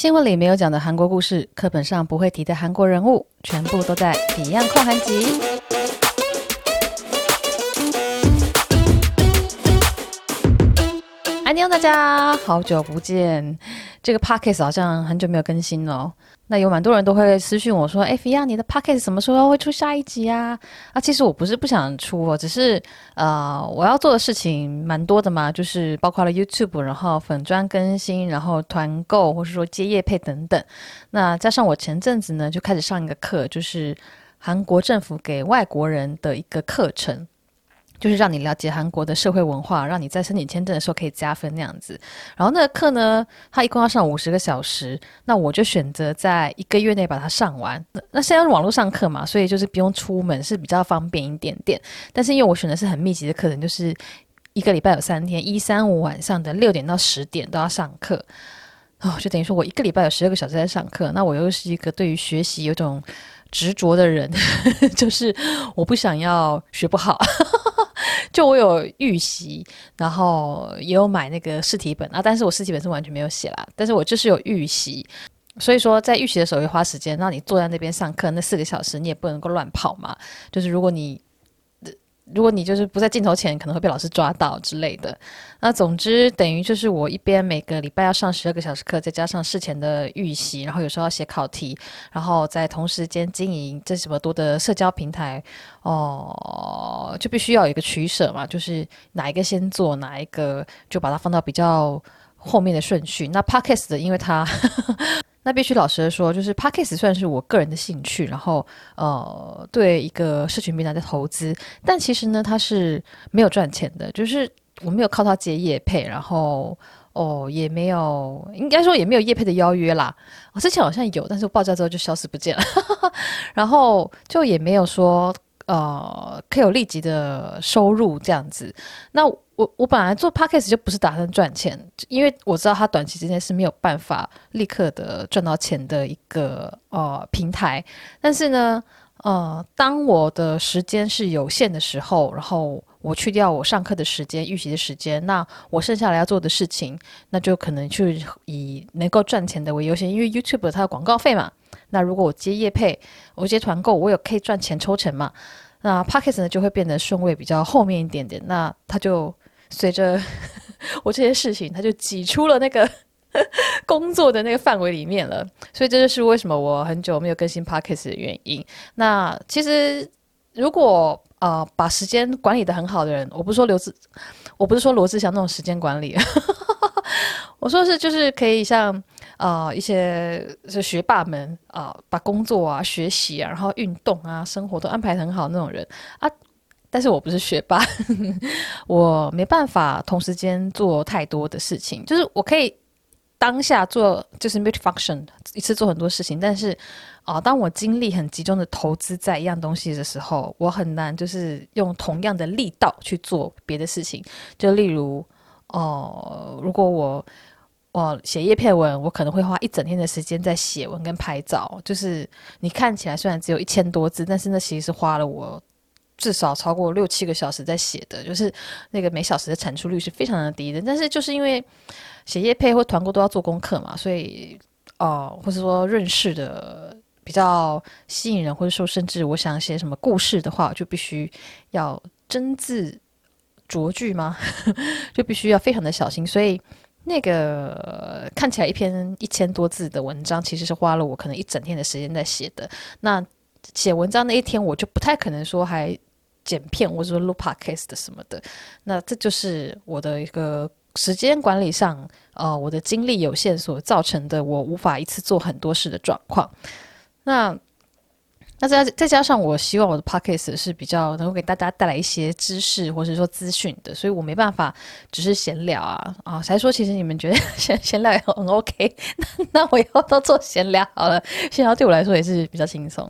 新聞裡沒有講的韓國故事，課本上不會提的韓國人物，全部都在《Fion 焢韓集》。大家好久不見，這個 podcast 好像很久沒有更新了。那有蠻多人都會私訊我說：“哎，Fion，你的 podcast 什麼時候會出下一集啊？”啊，其實我不是不想出，只是呃，我要做的事情蠻多的嘛，就是包括了 YouTube，然後粉專更新，然後團購，或是說接業配等等。那加上我前陣子呢，就開始上一個課，就是韓國政府給外國人的一個課程。就是讓你了解韓國的社會文化，讓你在申請簽證的時候可以加分那樣子。然後那個課呢，它一共要上五十個小時，那我就選擇在一個月內把它上完。那現在是網絡上課嘛，所以就是不用出門，是比較方便一點點。但是因為我選的是很密集的課程，就是一個禮拜有三天，一三五晚上的六點到十點都要上課哦，就等於說我一個禮拜有十二個小時在上課。那我又是一個對於學習有種執着的人， 就是我不想要學不好。 就我有預習，然後也有買那個試題本啊，但是我試題本是完全沒有寫啦，但是我就是有預習，所以說在預習的時候會花時間，讓你坐在那邊上課那四個小時，你也不能夠亂跑嘛，就是如果你。如果你就是不在鏡頭前，可能會被老師抓到之類的。那總之等於就是我一邊每個禮拜要上十二個小時課，再加上事前的預習，然後有時候要寫考題，然後在同時間經營這這麼多的社交平台，哦，就必須要有一個取捨嘛，就是哪一個先做，哪一個就把它放到比較後面的順序。那 podcast 的，因為它。 那必須老實的說，就是 Podcast 算是我個人的興趣，然後呃，對一個社群平台的投資，但其實呢，它是沒有賺錢的，就是我沒有靠它接業配，然後哦，也沒有，應該說也沒有業配的邀約啦。我之前好像有，但是我報價之後就消失不見了， 然後就也沒有說。呃，可以有立即的收入這樣子。那我我本來做 Podcast 就不是打算賺錢，因為我知道它短期之內是沒有辦法立刻的賺到錢的一個呃平台。但是呢，呃，當我的時間是有限的時候，然後我去掉我上課的時間、預習的時間，那我剩下來要做的事情，那就可能去以能夠賺錢的為優先，因為 YouTube 它的廣告費嘛。那如果我接業配，我接團購，我有可以賺錢抽成嘛？那 Podcast 呢，就會變得順位比較後面一點點，那他就隨着 我這些事情，他就擠出了那個 工作的那個範圍裡面了。所以這就是為什麼我很久沒有更新 Podcast 的原因。那其實如果啊、呃，把時間管理得很好的人，我不是說劉志，我不是說羅志祥那種時間管理， 我說是就是可以像。啊、呃，一些是學霸們啊、呃，把工作啊、學習啊，然後運動啊、生活都安排很好那種人啊。但是我不是學霸， 我沒辦法同時間做太多的事情。就是我可以當下做，就是 multi function 一次做很多事情。但是，啊、呃，當我精力很集中的投資在一樣東西的時候，我很難就是用同樣的力道去做別的事情。就例如，哦、呃，如果我。哦，寫業配文，我可能會花一整天的時間在寫文跟拍照。就是你看起來雖然只有一千多字，但是那其實是花了我至少超過六七個小時在寫的。就是那個每小時的產出率是非常的低的。但是就是因為寫業配或團購都要做功課嘛，所以哦、呃，或者說潤飾得比較吸引人，或者說甚至我想寫什麼故事的話，就必須要斟字酌句嗎？ 就必須要非常的小心，所以。那個看起來一篇一千多字的文章，其實是花了我可能一整天的時間在寫的。那寫文章那一天，我就不太可能說還剪片或者說錄 podcast 什麼的。那這就是我的一個時間管理上，呃，我的精力有限所造成的我無法一次做很多事的狀況。那那再再加上，我希望我的 podcast 是比較能夠給大家帶來一些知識，或者說資訊的，所以我沒辦法只是閒聊啊啊、哦！才說其實你們覺得閒閒，閒聊也很 OK，那那我以後都做閒聊好了，閒聊對我來說也是比較輕鬆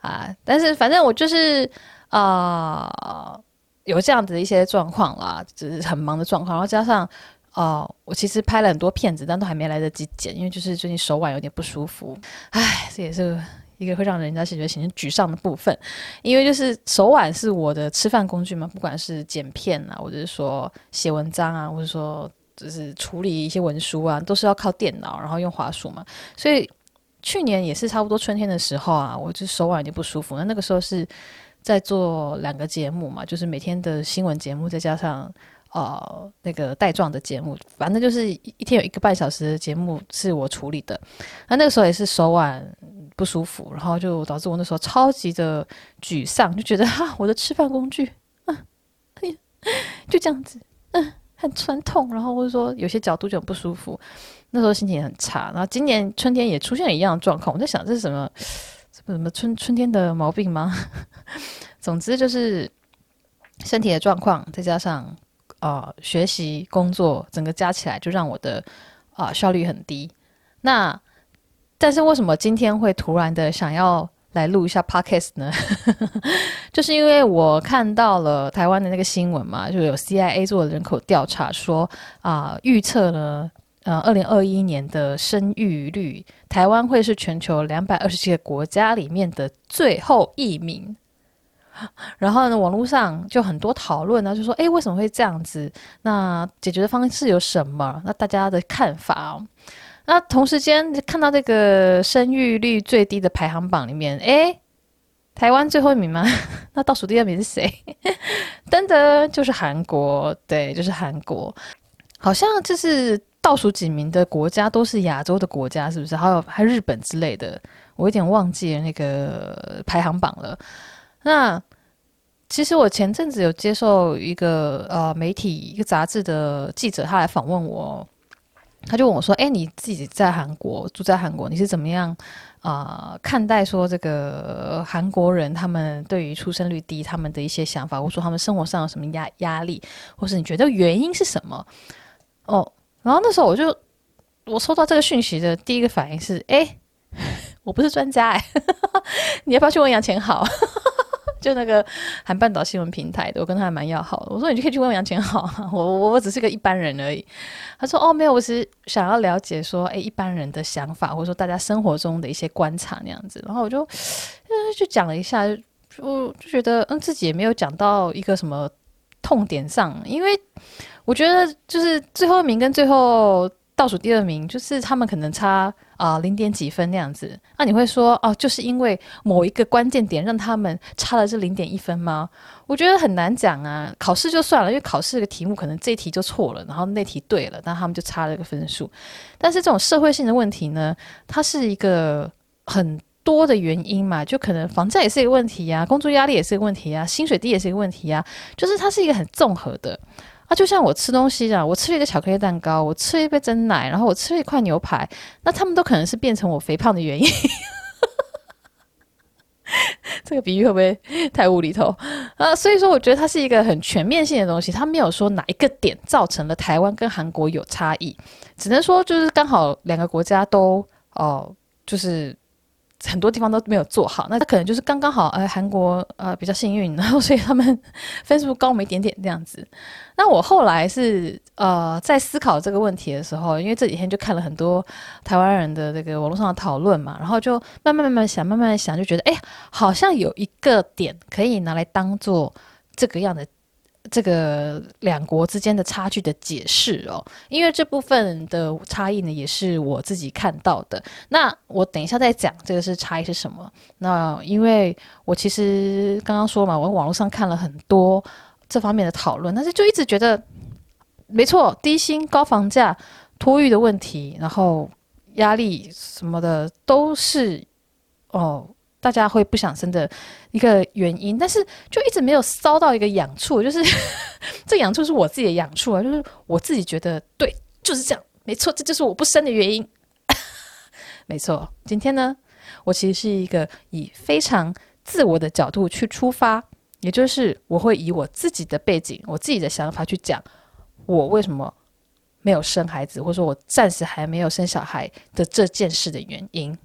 啊。但是反正我就是啊、呃，有這樣子的一些狀況啦，就是很忙的狀況。然後加上哦、呃，我其實拍了很多片子，但都還沒來得及剪，因為就是最近手腕有點不舒服，唉，這也是。一個會讓人家感覺形成沮喪的部分，因為就是手腕是我的吃飯工具嘛，不管是剪片啊，或者是說寫文章啊，或者說就是處理一些文書啊，都是要靠電腦，然後用滑鼠嘛。所以去年也是差不多春天的時候啊，我就手腕已經不舒服。那那個時候是在做兩個節目嘛，就是每天的新聞節目，再加上呃那個帶狀的節目，反正就是一天有一個半小時的節目是我處理的。那那個時候也是手腕。不舒服，然後就導致我那時候超級的沮喪，就覺得啊，我的吃飯工具啊、哎呀，就這樣子，嗯、啊，很傳統。然後或者說有些角度就很不舒服，那時候心情也很差。然後今年春天也出現了一樣的狀況，我在想這是什麼？是是什麼春春天的毛病嗎？ 總之就是身體的狀況，再加上啊、呃、學習工作，整個加起來就讓我的啊、呃、效率很低。那。但是為什麼今天會突然的想要來錄一下 podcast 呢？ 就是因為我看到了台灣的那個新聞嘛，就有 CIA 做的人口調查說啊、呃，預測呢，呃，二零二一年的生育率，台灣會是全球兩百二十七個國家裡面的最後一名。然後呢，網絡上就很多討論呢、啊，就說，哎，為什麼會這樣子？那解決的方式有什麼？那大家的看法、哦？那同時間看到這個生育率最低的排行榜裡面，誒、欸，台灣最後一名嗎？ 那倒數第二名是誰？噔 噔，就是韓國，對，就是韓國。好像就是倒數幾名的國家都是亞洲的國家，是不是？還有還有日本之類的，我有點忘記了那個排行榜了。那其實我前陣子有接受一個呃媒體一個雜誌的記者，他來訪問我。他就問我說：“哎、欸，你自己在韓國住在韓國，你是怎麼樣啊、呃、看待說這個韓國人他們對於出生率低，他們的一些想法，或者說他們生活上有什麼壓壓力，或是你覺得原因是什麼？”哦，然後那時候我就我收到這個訊息的第一個反應是：“哎、欸，我不是專家哎、欸， 你要不要去問楊千好？”就那個韓半島新聞平台的，我跟他還蠻要好的。我說你就可以去問楊虔豪，我我我只是個一般人而已。他說哦，沒有，我是想要了解說誒一般人的想法，或者說大家生活中的一些觀察那樣子。然後我就就講了一下，我就覺得嗯自己也沒有講到一個什麼痛點上，因為我覺得就是最後一名跟最後。倒數第二名，就是他們可能差啊、呃、零點幾分那樣子。那你會說哦，就是因為某一個關鍵點讓他們差了這零點一分嗎？我覺得很難講啊。考試就算了，因為考試這個題目可能這題就錯了，然後那題對了，但他們就差了一個分數。但是這種社會性的問題呢，它是一個很多的原因嘛，就可能房價也是一個問題呀、啊，工作壓力也是一個問題啊，薪水低也是一個問題啊，就是它是一個很綜合的。他、啊、就像我吃東西一、啊、樣，我吃了一個巧克力蛋糕，我吃了一杯珍奶，然後我吃了一塊牛排，那他們都可能是變成我肥胖的原因。 這個比喻會不會太無厘頭啊？所以說，我覺得它是一個很全面性的東西，它沒有說哪一個點造成了台灣跟韓國有差異，只能說就是剛好兩個國家都哦、呃，就是。很多地方都沒有做好，那他可能就是剛剛好，呃，韓國呃比較幸運，然後所以他們分數高我們一點點這樣子。那我後來是呃在思考這個問題的時候，因為這幾天就看了很多台灣人的這個網絡上的討論嘛，然後就慢慢慢慢想，慢慢想就覺得，哎、欸，好像有一個點可以拿來當做這個樣的。這個兩國之間的差距的解釋哦，因為這部分的差異呢，也是我自己看到的。那我等一下再講這個是差異是什麼。那因為我其實剛剛說嘛，我網絡上看了很多這方面的討論，但是就一直覺得沒錯，低薪、高房價、托育的問題，然後壓力什麼的都是哦。大家會不想生的一個原因，但是就一直沒有搔到一個癢處，就是呵呵這癢處是我自己的癢處啊，就是我自己覺得對，就是這樣，沒錯，這就是我不生的原因。 沒錯，今天呢，我其實是一個以非常自我的角度去出發，也就是我會以我自己的背景、我自己的想法去講我為什麼沒有生孩子，或者說我暫時還沒有生小孩的這件事的原因。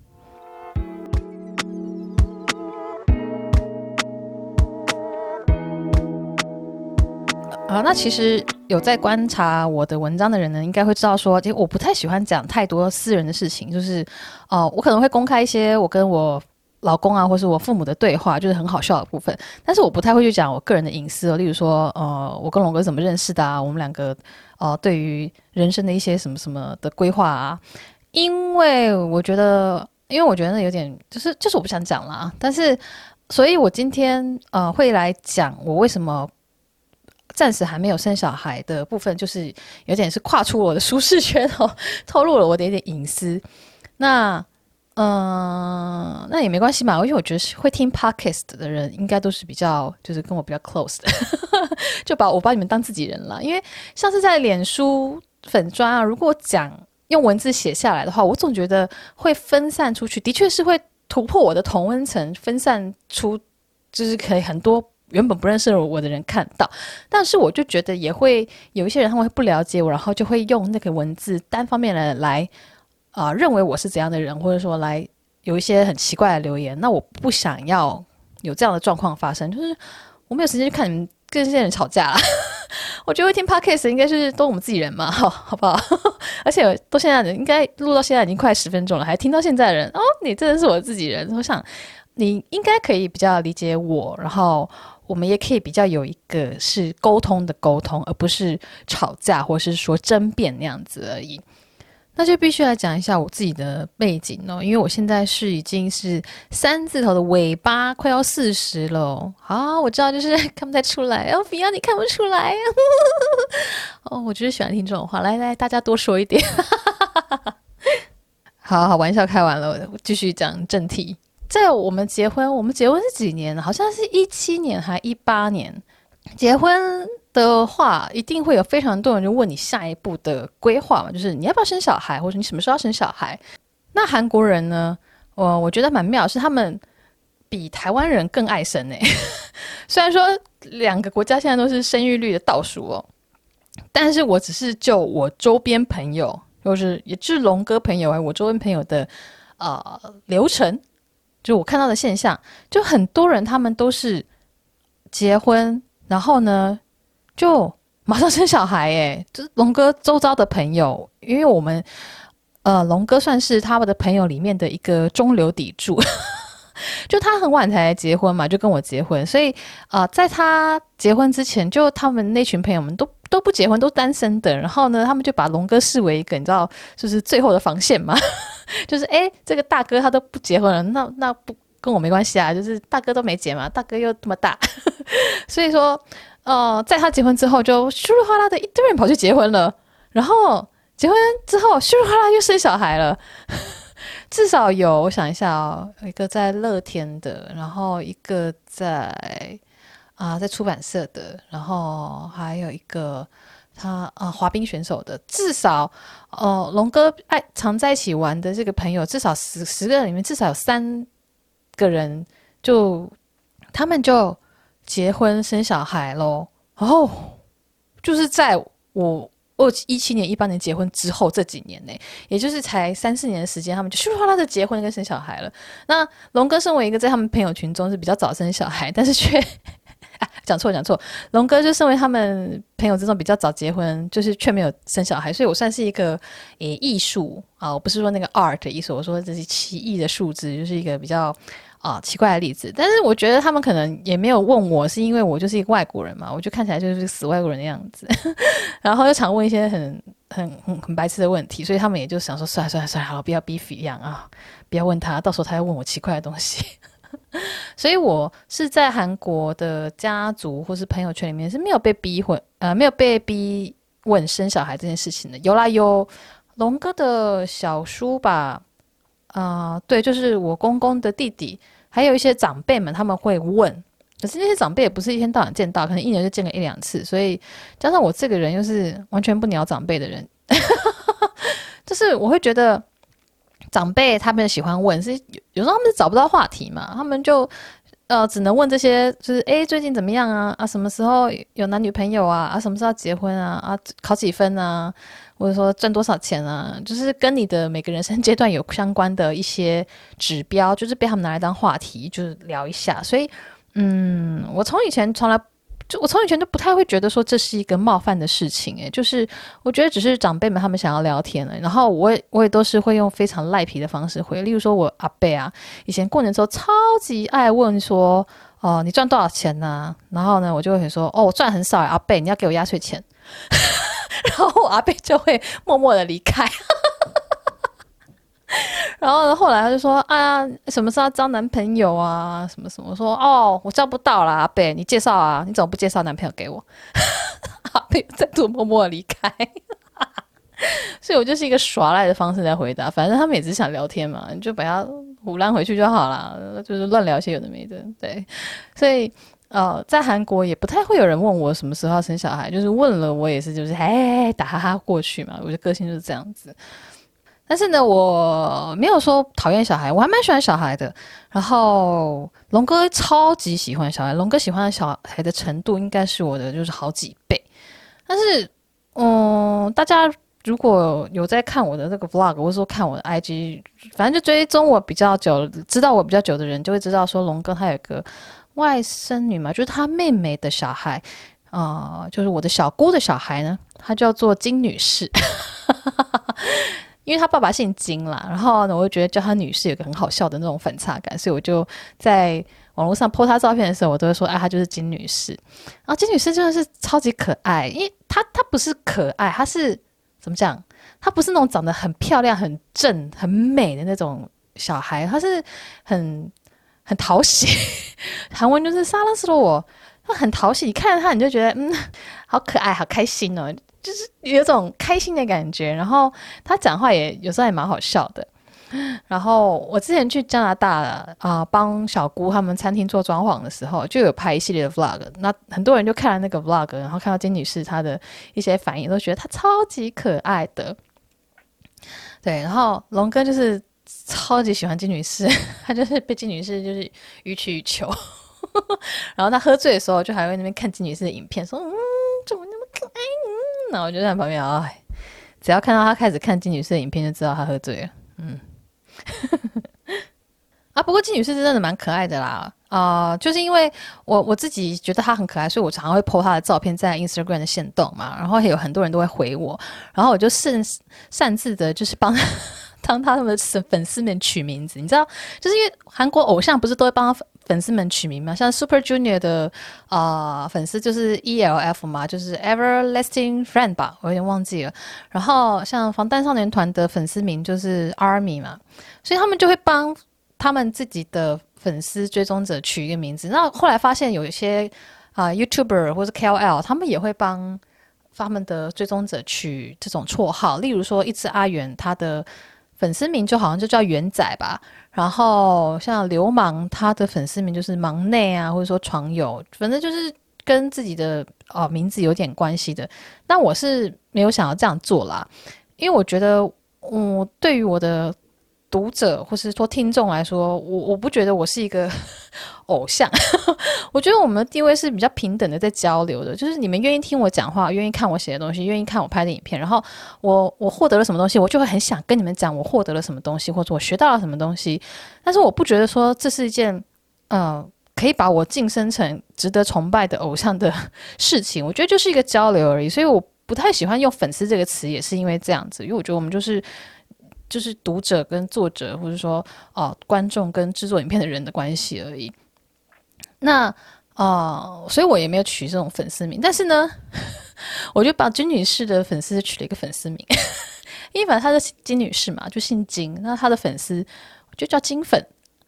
啊，那其實有在觀察我的文章的人呢，應該會知道說，其實我不太喜歡講太多私人的事情，就是，哦、呃，我可能會公開一些我跟我老公啊，或是我父母的對話，就是很好笑的部分。但是我不太會去講我個人的隱私哦，例如說，呃，我跟龍哥是怎麼認識的啊，我們兩個，呃，對於人生的一些什麼什麼的規劃啊，因為我覺得，因為我覺得那有點，就是，就是我不想講了啊。但是，所以我今天呃，會來講我為什麼。暫時還沒有生小孩的部分，就是有點是跨出我的舒適圈哦，透露了我的一點隱私。那嗯，那也沒關係嘛，因為我覺得會聽 podcast 的人，應該都是比較就是跟我比較 close 的， 就把我把你們當自己人了。因為上次在臉書粉專啊，如果講用文字寫下來的話，我總覺得會分散出去，的確是會突破我的同溫層，分散出就是可以很多。原本不認識我的人看到，但是我就覺得也會有一些人，他們會不了解我，然後就會用那個文字單方面的來，啊、呃，認為我是怎樣的人，或者說來有一些很奇怪的留言。那我不想要有這樣的狀況發生，就是我沒有時間去看你們跟這些人吵架了。 我覺得一聽 Podcast 應該是都我們自己人嘛，好，好不好？ 而且都現在人應該錄到現在已經快十分鐘了，還聽到現在人哦，你真的是我的自己人。我想你應該可以比較理解我，然後。我們也可以比較有一個是溝通的溝通，而不是吵架或是說爭辯那樣子而已。那就必須來講一下我自己的背景哦，因為我現在是已經是三字頭的尾巴，快要四十了。好、啊，我知道就是看不太出來、啊、看不出來，哦 Fion 你看不出來呀。哦，我就是喜歡聽這種話。來來，大家多說一點。 好好，玩笑開完了，我繼續講正題。在我們結婚，我們結婚是幾年？好像是一七年還是一八年。結婚的話，一定會有非常多人就問你下一步的規劃嘛，就是你要不要生小孩，或者你什麼時候要生小孩。那韓國人呢？我我覺得蠻妙，是他們比台灣人更愛生誒、欸。 雖然說兩個國家現在都是生育率的倒數哦、喔，但是我只是就我周邊朋友，或、就是也就是龍哥朋友哎、欸，我周邊朋友的呃流程。就我看到的現象，就很多人他們都是結婚，然後呢，就馬上生小孩、欸。就是龍哥周遭的朋友，因為我們，呃，龍哥算是他們的朋友裡面的一個中流砥柱。 就他很晚才來結婚嘛，就跟我結婚，所以啊、呃，在他結婚之前，就他們那群朋友們都都不結婚，都單身的。然後呢，他們就把龍哥視為一個，你知道，就是最後的防線嘛。 就是哎、欸，這個大哥他都不結婚了，那那不跟我沒關係啊。就是大哥都沒結嘛，大哥又這麼大， 所以說，哦、呃，在他結婚之後就稀里嘩啦的一堆人跑去結婚了，然後結婚之後稀里嘩啦又生小孩了。 至少有我想一下哦，一個在樂天的，然後一個在啊、呃、在出版社的，然後還有一個。他啊，啊，滑冰選手的至少，哦、啊，龍哥愛常在一起玩的這個朋友，至少十十個人裡面至少有三個人就，就他們就結婚生小孩咯，然、哦、後就是在我一七年、一八年結婚之後這幾年內、欸，也就是才三四年的時間，他們就咻啦啦的結婚跟生小孩了。那龍哥身為一個在他們朋友群中是比較早生小孩，但是卻。講錯講錯，龍哥就身為他們朋友之中比較早結婚，就是卻沒有生小孩，所以我算是一個誒、欸、藝術啊、哦，我不是說那個 art 的藝術，我說這是奇異的數字，就是一個比較啊、哦、奇怪的例子。但是我覺得他們可能也沒有問我，是因為我就是一個外國人嘛，我就看起來就是死外國人的樣子，然後又常問一些很很很很白痴的問題，所以他們也就想說算了算了算了，好了，不要逼 e 一樣啊，不要問他，到時候他要問我奇怪的東西。所以我是在韓國的家族或是朋友圈裡面是沒有被逼婚，呃，沒有被逼問生小孩這件事情的。有啦有，龍哥的小叔吧，啊、呃、對，就是我公公的弟弟，還有一些長輩們，他們會問，可是那些長輩也不是一天到晚見到，可能一年就見個一兩次，所以加上我這個人又是完全不鳥長輩的人， 就是我會覺得。長輩他們喜歡問，是有時候他們就找不到話題嘛，他們就呃只能問這些，就是哎最近怎麼樣啊，啊什麼時候有男女朋友啊，啊什麼時候要結婚啊，啊考幾分啊，或者說賺多少錢啊，就是跟你的每個人生階段有相關的一些指標，就是被他們拿來當話題，就是聊一下。所以嗯，我從以前從來。就我從以前就不太會覺得說這是一個冒犯的事情，誒，就是我覺得只是長輩們他們想要聊天了，然後我也我也都是會用非常賴皮的方式回，例如說我阿伯啊，以前過年的時候超級愛問說，哦、呃，你賺多少錢呢？啊？然後呢，我就會說，哦，我賺很少，阿伯，你要給我壓歲錢， 然後我阿伯就會默默的離開。然後呢，後來他就說啊，什麼時候要交男朋友啊？什麼什麼說哦，我交不到啦。阿貝，你介紹啊？你怎麼不介紹男朋友給我？ 阿貝再度默默離開。 所以，我就是一個耍賴的方式在回答。反正他每次想聊天嘛，你就把他胡亂回去就好了，就是亂聊一些有的沒的。對，所以呃，在韓國也不太會有人問我什麼時候要生小孩，就是問了我也是，就是哎打哈哈過去嘛。我的個性就是這樣子。但是呢，我沒有說討厭小孩，我還蠻喜歡小孩的。然後龍哥超級喜歡小孩，龍哥喜歡小孩的程度應該是我的就是好幾倍。但是，嗯，大家如果有在看我的那個 vlog，或者說看我的 IG，反正就追蹤我比較久、知道我比較久的人，就會知道說龍哥他有個外甥女嘛，就是他妹妹的小孩，啊、呃，就是我的小姑的小孩呢，她叫做金女士。 因為她爸爸姓金啦，然後呢，我就覺得叫她女士有個很好笑的那種反差感，所以我就在網絡上 po 她照片的時候，我都會說，啊、哎，她就是金女士。然後金女士真的是超級可愛，因為她她不是可愛，她是怎麼講？她不是那種長得很漂亮、很正、很美的那種小孩，她是很很討喜。 韓文就是殺了式的我，她很討喜，你看她你就覺得嗯，好可愛，好開心哦。就是有一種開心的感覺，然後他講話也有時候也蠻好笑的。然後我之前去加拿大啊，呃，幫小姑他們餐廳做裝潢的時候，就有拍一系列的 Vlog。那很多人就看了那個 Vlog，然後看到金女士她的一些反應，都覺得她超級可愛的。對，然後龍哥就是超級喜歡金女士，他就是被金女士就是予取予求。 然後他喝醉的時候，就還會那邊看金女士的影片，說：“嗯，怎麼那麼可愛呢？”那我就在旁邊，啊、哎，只要看到他開始看金女士的影片，就知道他喝醉了。嗯， 啊，不過金女士是真的蠻可愛的啦，啊、呃，就是因為我我自己覺得她很可愛，所以我常常會 po 她的照片在 Instagram 的限動嘛，然後有很多人都會回我，然後我就擅擅自的就是幫當他們的粉絲們取名字，你知道，就是因為韓國偶像不是都會幫他。粉絲們取名嘛，像 Super Junior 的啊、呃、粉絲就是 ELF 嘛，就是 Everlasting Friend 吧，我有點忘記了。然後像防彈少年團的粉絲名就是 ARMY 嘛，所以他們就會幫他們自己的粉絲追蹤者取一個名字。那後來發現有一些啊、呃、YouTuber 或者 KOL，他們也會幫他們的追蹤者取這種綽號，例如說一只阿元他的。粉絲名就好像就叫元仔吧，然後像流氓，他的粉絲名就是忙內啊，或者說床友，反正就是跟自己的哦名字有點關係的。那我是沒有想要這樣做啦，因為我覺得我對於我的讀者或是說聽眾來說，我我不覺得我是一個偶像， 我覺得我們的地位是比較平等的，在交流的，就是你們願意聽我講話，願意看我寫的東西，願意看我拍的影片，然後我我獲得了什麼東西，我就會很想跟你們講我獲得了什麼東西，或者我學到了什麼東西。但是我不覺得說這是一件，嗯，呃，可以把我晉升成值得崇拜的偶像的事情。我覺得就是一個交流而已，所以我不太喜歡用粉絲這個詞，也是因為這樣子，因為我覺得我們就是。就是讀者跟作者，或者說哦，觀眾跟製作影片的人的關係而已。那啊、哦，所以我也沒有取這種粉絲名，但是呢，我就把金女士的粉絲取了一個粉絲名， 因為反正她是金女士嘛，就姓金。那她的粉絲，我就叫金粉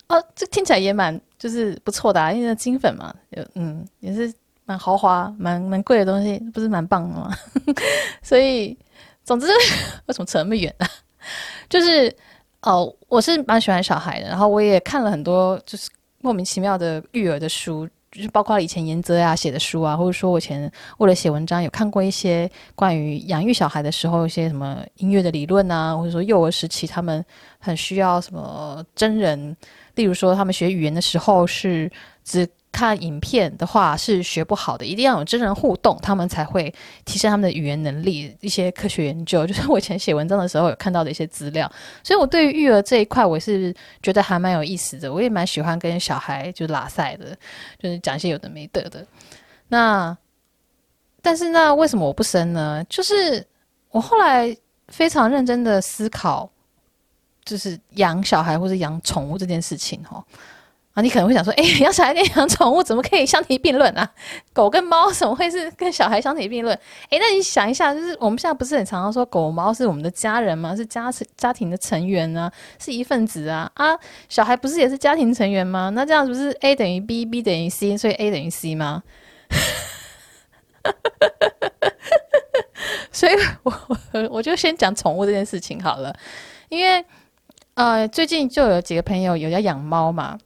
哦，這聽起來也蠻就是不錯的啊，因為金粉嘛，有嗯，也是蠻豪華、蠻蠻、蠻貴的東西，不是蠻棒的嗎？ 所以，總之，為什麼扯那麼遠呢、啊？就是，哦，我是蠻喜歡小孩的，然後我也看了很多就是莫名其妙的育兒的書，就是包括以前顏擇雅、啊、寫的書啊，或者說我以前為了寫文章有看過一些關於養育小孩的時候一些什麼音樂的理論啊，或者說幼兒時期他們很需要什麼真人，例如說他們學語言的時候是只。看影片的話是學不好的，一定要有真人互動，他們才會提升他們的語言能力，一些科學研究就是我以前寫文章的時候有看到的一些資料，所以我對於育兒這一塊我是覺得還蠻有意思的，我也蠻喜歡跟小孩就拉賽的，就是講一些有的沒得的。那但是那為什麼我不生呢？就是我後來非常認真的思考，就是養小孩或者養寵物這件事情，吼。啊，你可能會想說，誒，你要小孩跟養寵物怎麼可以相提並論啊？狗跟貓怎麼會是跟小孩相提並論？誒，那你想一下，就是我們現在不是很常常說，狗貓是我們的家人嘛，是家家庭的成員啊，是一份子啊啊，小孩不是也是家庭成員嗎？那這樣是不是 A 等於 B，B 等於 C，所以 A 等於 C 嗎？哈哈哈！哈哈哈！哈哈，所以我我就先講寵物這件事情好了，因為呃，最近就有幾個朋友有要養貓嘛。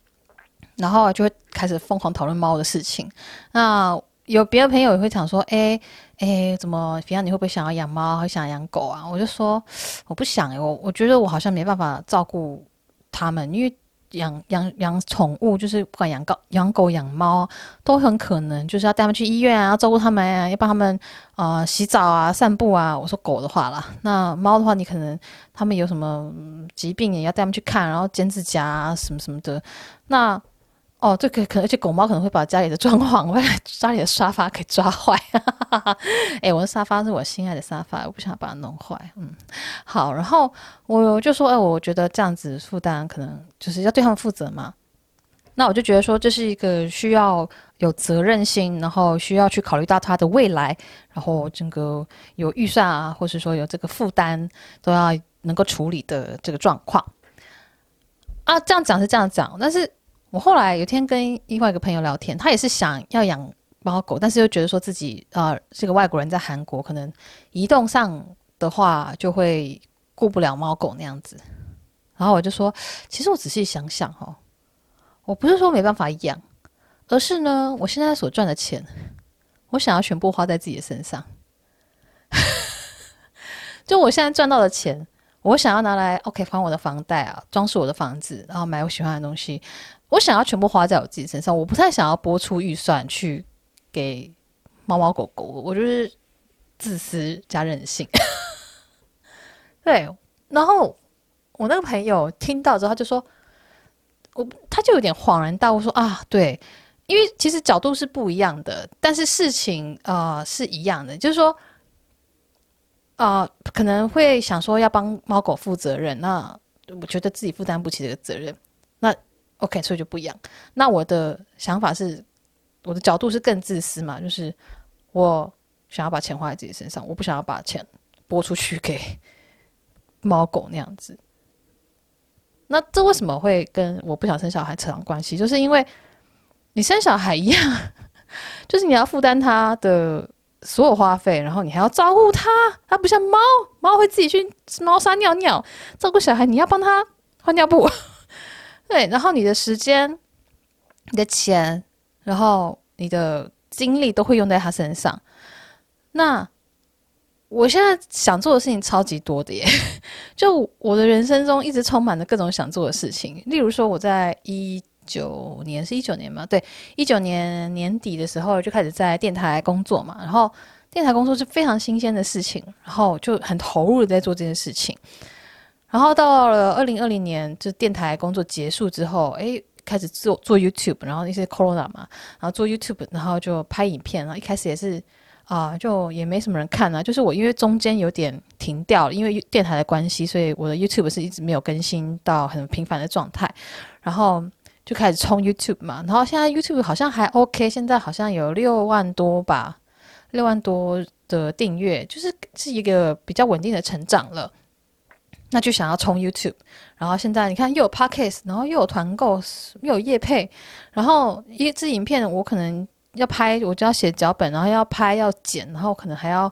然後就會開始瘋狂討論貓的事情。那有別的朋友也會講說，哎誒，誒，怎麼？Fion 你會不會想要養貓？會想要養狗啊？我就說我不想，我我覺得我好像沒辦法照顧他們，因為養養養寵物就是不管養狗養狗養貓都很可能就是要帶他們去醫院啊，要照顧他們啊，要幫他們啊、呃、洗澡啊、散步啊。我說狗的話啦，那貓的話你可能他們有什麼疾病也要帶他們去看，然後剪指甲啊什麼什麼的。那哦，這個可能，而且狗貓可能會把家裡的裝潢，把家裡的沙發給抓壞。哎、 欸，我的沙發是我心愛的沙發，我不想把它弄壞。嗯，好，然後我就說，哎、呃，我覺得這樣子負擔可能就是要對他們負責嘛。那我就覺得說，這是一個需要有責任心，然後需要去考慮到他的未來，然後整個有預算啊，或是說有這個負擔，都要能夠處理的這個狀況。啊，這樣講是這樣講，但是。我後來有一天跟另外一個朋友聊天，他也是想要養貓狗，但是又覺得說自己啊這、呃、個外國人，在韓國可能移動上的話就會顧不了貓狗那樣子。然後我就說，其實我仔細想想哦，我不是說沒辦法養，而是呢，我現在所賺的錢，我想要全部花在自己的身上。 就我現在賺到的錢，我想要拿來 OK 還我的房貸啊，裝飾我的房子，然後買我喜歡的東西。我想要全部花在我自己身上，我不太想要撥出預算去給貓貓狗狗，我就是自私加任性。 對，然後我那個朋友聽到之後，他就說，我他就有點恍然大悟，說啊，對，因為其實角度是不一樣的，但是事情啊、呃、是一樣的，就是說，啊、呃、可能會想說要幫貓狗負責任，那我覺得自己負擔不起這個責任，那。OK，所以就不一樣。那我的想法是，我的角度是更自私嘛，就是我想要把錢花在自己身上，我不想要把錢撥出去給貓狗那樣子。那這為什麼會跟我不想生小孩扯上關係？就是因為你生小孩一樣，就是你要負擔他的所有花費，然後你還要照顧他。他不像貓，貓會自己去貓砂尿尿，照顧小孩，你要幫他換尿布。對，然後你的時間、你的錢，然後你的精力都會用在他身上。那我現在想做的事情超級多的耶， 就我的人生中一直充滿了各種想做的事情。例如說，我在一九年，是一九年嗎？對，一九年年底的時候就開始在電台工作嘛。然後電台工作是非常新鮮的事情，然後就很投入的在做這件事情。然後到了二零二零年，就電台工作結束之後，誒，開始做做 YouTube，然後那些 corona 嘛，然後做 YouTube，然後就拍影片，然後一開始也是，啊、呃，就也沒什麼人看啊。就是我因為中間有點停掉了，因為電台的關係，所以我的 YouTube 是一直沒有更新到很頻繁的狀態。然後就開始衝 YouTube 嘛，然後現在 YouTube 好像還 OK，現在好像有六萬多吧，六萬多的訂閱，就是是一個比較穩定的成長了。那就想要衝 YouTube，然後現在你看又有 Podcast，然後又有團購，又有業配，然後一支影片我可能要拍，我就要寫腳本，然後要拍要剪，然後可能還要，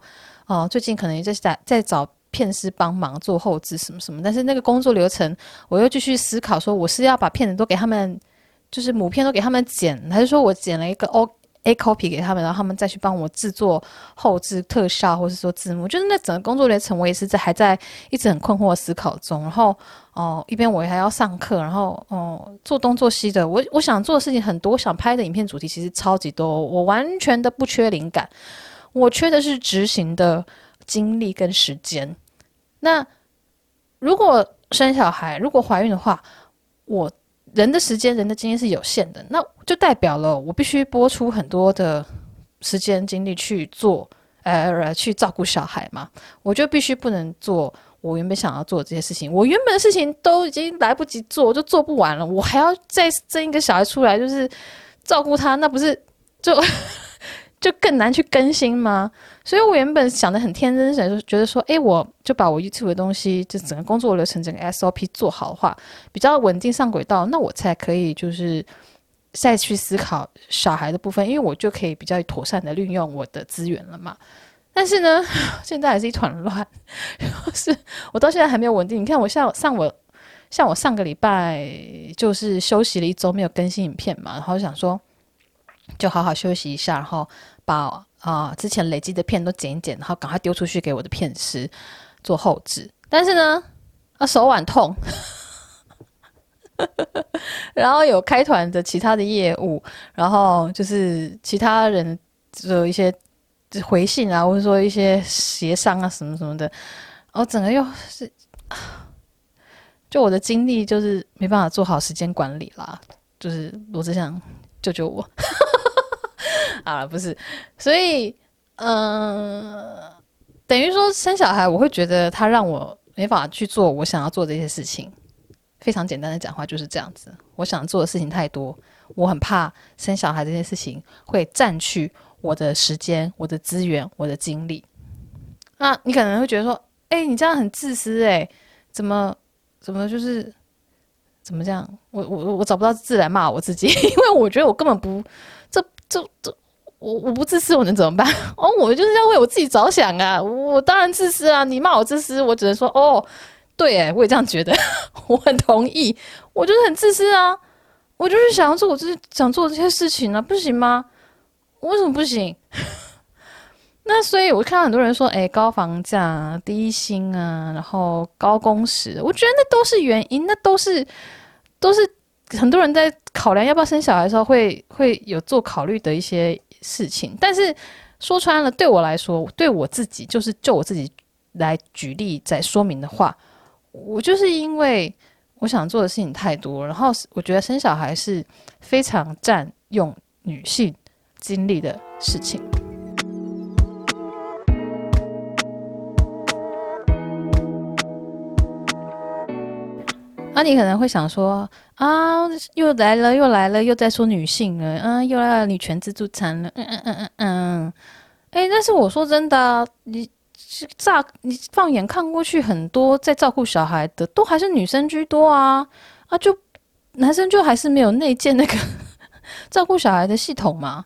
哦、呃，最近可能也在在找片師幫忙做後置什麼什麼，但是那個工作流程我又繼續思考說，我是要把片子都給他們，就是母片都給他們剪，還是說我剪了一個 OK？A copy 給他們，然後他們再去幫我製作後製特效，或是說字幕，就是那整個工作流程，我也是在還在一直很困惑思考中。然後，哦、呃，一邊我還要上課，然後，哦、呃，做東做西的，我我想做的事情很多，我想拍的影片主題其實超級多，我完全的不缺靈感，我缺的是執行的精力跟時間。那如果生小孩，如果懷孕的話，我。人的時間、人的精力是有限的，那就代表了我必須撥出很多的時間、精力去做，呃，去照顧小孩嘛。我就必須不能做我原本想要做的這些事情，我原本的事情都已經來不及做，我就做不完了。我還要再生一個小孩出來，就是照顧他，那不是就？ 就更難去更新嗎？所以我原本想的很天真，想就覺得說，哎、欸，我就把我 YouTube 的東西，就整個工作流程、整個 SOP 做好的話，比較穩定上軌道，那我才可以就是再去思考小孩的部分，因為我就可以比較妥善的利用我的資源了嘛。但是呢，現在還是一團亂，就是我到現在還沒有穩定。你看我下上我，像我上個禮拜就是休息了一周，沒有更新影片嘛，然後想說。就好好休息一下，然後把啊之前累積的片都剪一剪，然後趕快丟出去給我的片師做後製。但是呢，啊手腕痛， 然後有開團的其他的業務，然後就是其他人的一些回信啊，或者說一些協商啊什麼什麼的，然、哦、後整個又是，就我的精力就是沒辦法做好時間管理啦，就是羅志祥救救我。啊，不是，所以，嗯、呃，等於說生小孩，我會覺得他讓我沒法去做我想要做這些事情。非常簡單的講話就是這樣子。我想做的事情太多，我很怕生小孩這件事情會佔去我的時間、我的資源、我的精力。那，你可能會覺得說，哎、欸，你這樣很自私、欸，誒，怎麼怎麼就是怎麼這樣？我我我找不到字來罵我自己，因為我覺得我根本不，這這這。這我我不自私，我能怎麼辦？哦，我就是要為我自己着想啊！我，我當然自私啊！你罵我自私，我只能說哦，對，哎，我也這樣覺得，我很同意，我就是很自私啊！我就是想要做我自己想做這些事情啊，不行嗎？為什麼不行？ 那所以，我看到很多人說，哎，高房價、低薪啊，然後高工時，我覺得那都是原因，那都是都是很多人在考量要不要生小孩的時候會，會會有做考慮的一些。事情，但是說穿了，對我來說，對我自己，就是就我自己來舉例再說明的話，我就是因為我想做的事情太多，然後我覺得生小孩是非常佔用女性精力的事情。那、啊，你可能會想說啊，又來了，又來了，又在說女性了，嗯、啊，又來了女權自助餐了，嗯嗯嗯嗯嗯，哎、嗯嗯欸，但是我說真的、啊，你乍你放眼看過去，很多在照顧小孩的都還是女生居多啊，啊就，就男生就還是沒有內建那個 照顧小孩的系統嘛，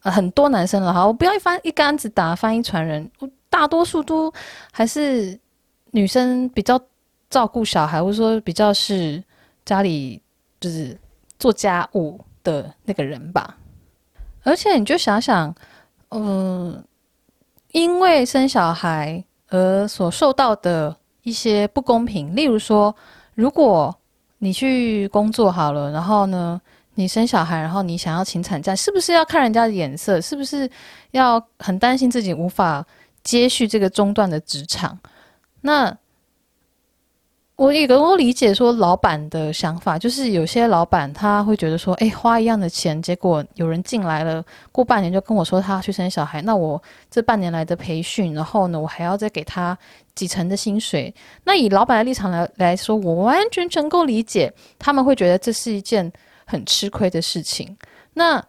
啊、很多男生了，哈，我不要一翻一竿子打翻一船人，我大多數都還是女生比較。照顧小孩，或者說比較是家裡就是做家務的那個人吧。而且你就想想，嗯、呃，因為生小孩而所受到的一些不公平，例如說，如果你去工作好了，然後呢，你生小孩，然後你想要請產假，是不是要看人家的眼色？是不是要很擔心自己無法接續這個中斷的職場？那？我也能夠理解說老闆的想法，就是有些老闆他會覺得說，哎、欸，花一樣的錢，結果有人進來了，過半年就跟我說他去生小孩，那我這半年來的培訓，然後呢，我還要再給他幾成的薪水。那以老闆的立場來來說，我完全能夠理解，他們會覺得這是一件很吃虧的事情。那